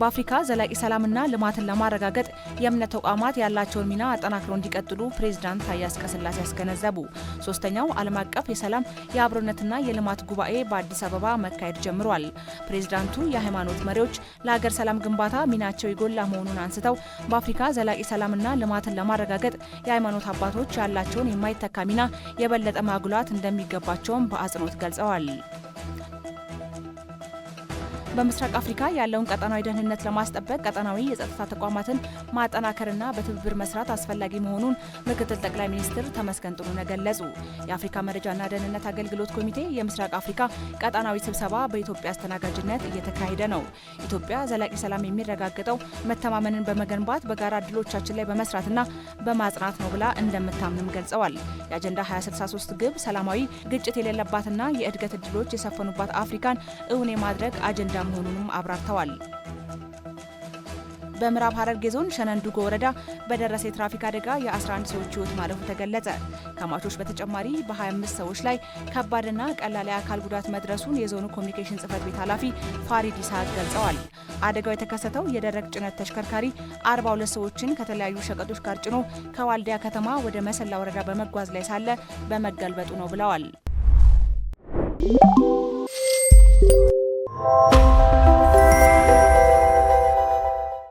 በአፍሪካ ዘላቂ ሰላምና ልማትን ለማረጋገጥ የእምነት ተቋማት ያላቸውን ሚና አጠናክረው እንዲቀጥሉ ፕሬዚዳንት ታዬ አጽቀሥላሴ ያስገነዘቡ። ሶስተኛው ዓለም አቀፍ የሰላም የአብሮነትና የልማት ጉባኤ በአዲስ አበባ መካሄድ ጀምሯል። ፕሬዚዳንቱ የሃይማኖት መሪዎች ለሀገር ሰላም ግንባታ ሚናቸው የጎላ መሆኑን አንስተው በአፍሪካ ዘላቂ ሰላምና ልማትን ለማረጋገጥ የሃይማኖት አባቶች ያላቸውን የማይተካ ሚና የበለጠ ማጉላት እንደሚገባቸውም በአጽንኦት ገልጸዋል። በምስራቅ አፍሪካ ያለውን ቀጠናዊ ደህንነት ለማስጠበቅ ቀጠናዊ የጸጥታ ተቋማትን ማጠናከርና በትብብር መስራት አስፈላጊ መሆኑን ምክትል ጠቅላይ ሚኒስትር ተመስገን ጥሩነህ ገለጹ። የአፍሪካ መረጃና ደህንነት አገልግሎት ኮሚቴ የምስራቅ አፍሪካ ቀጠናዊ ስብሰባ በኢትዮጵያ አስተናጋጅነት እየተካሄደ ነው። ኢትዮጵያ ዘላቂ ሰላም የሚረጋገጠው መተማመንን በመገንባት በጋራ እድሎቻችን ላይ በመስራትና በማጽናት ነው ብላ እንደምታምንም ገልጸዋል። የአጀንዳ 2063 ግብ ሰላማዊ፣ ግጭት የሌለባትና የእድገት እድሎች የሰፈኑባት አፍሪካን እውን የማድረግ አጀንዳ መሆኑንም አብራርተዋል። በምዕራብ ሐረርጌ ዞን ሸነንዱጎ ወረዳ በደረሰ የትራፊክ አደጋ የ11 ሰዎች ሕይወት ማለፉ ተገለጸ። ከሟቾች በተጨማሪ በ25 ሰዎች ላይ ከባድና ቀላል አካል ጉዳት መድረሱን የዞኑ ኮሚኒኬሽን ጽህፈት ቤት ኃላፊ ፋሪድ ኢስሐቅ ገልጸዋል። አደጋው የተከሰተው የደረቅ ጭነት ተሽከርካሪ 42 ሰዎችን ከተለያዩ ሸቀጦች ጋር ጭኖ ከዋልዲያ ከተማ ወደ መሰላ ወረዳ በመጓዝ ላይ ሳለ በመገልበጡ ነው ብለዋል።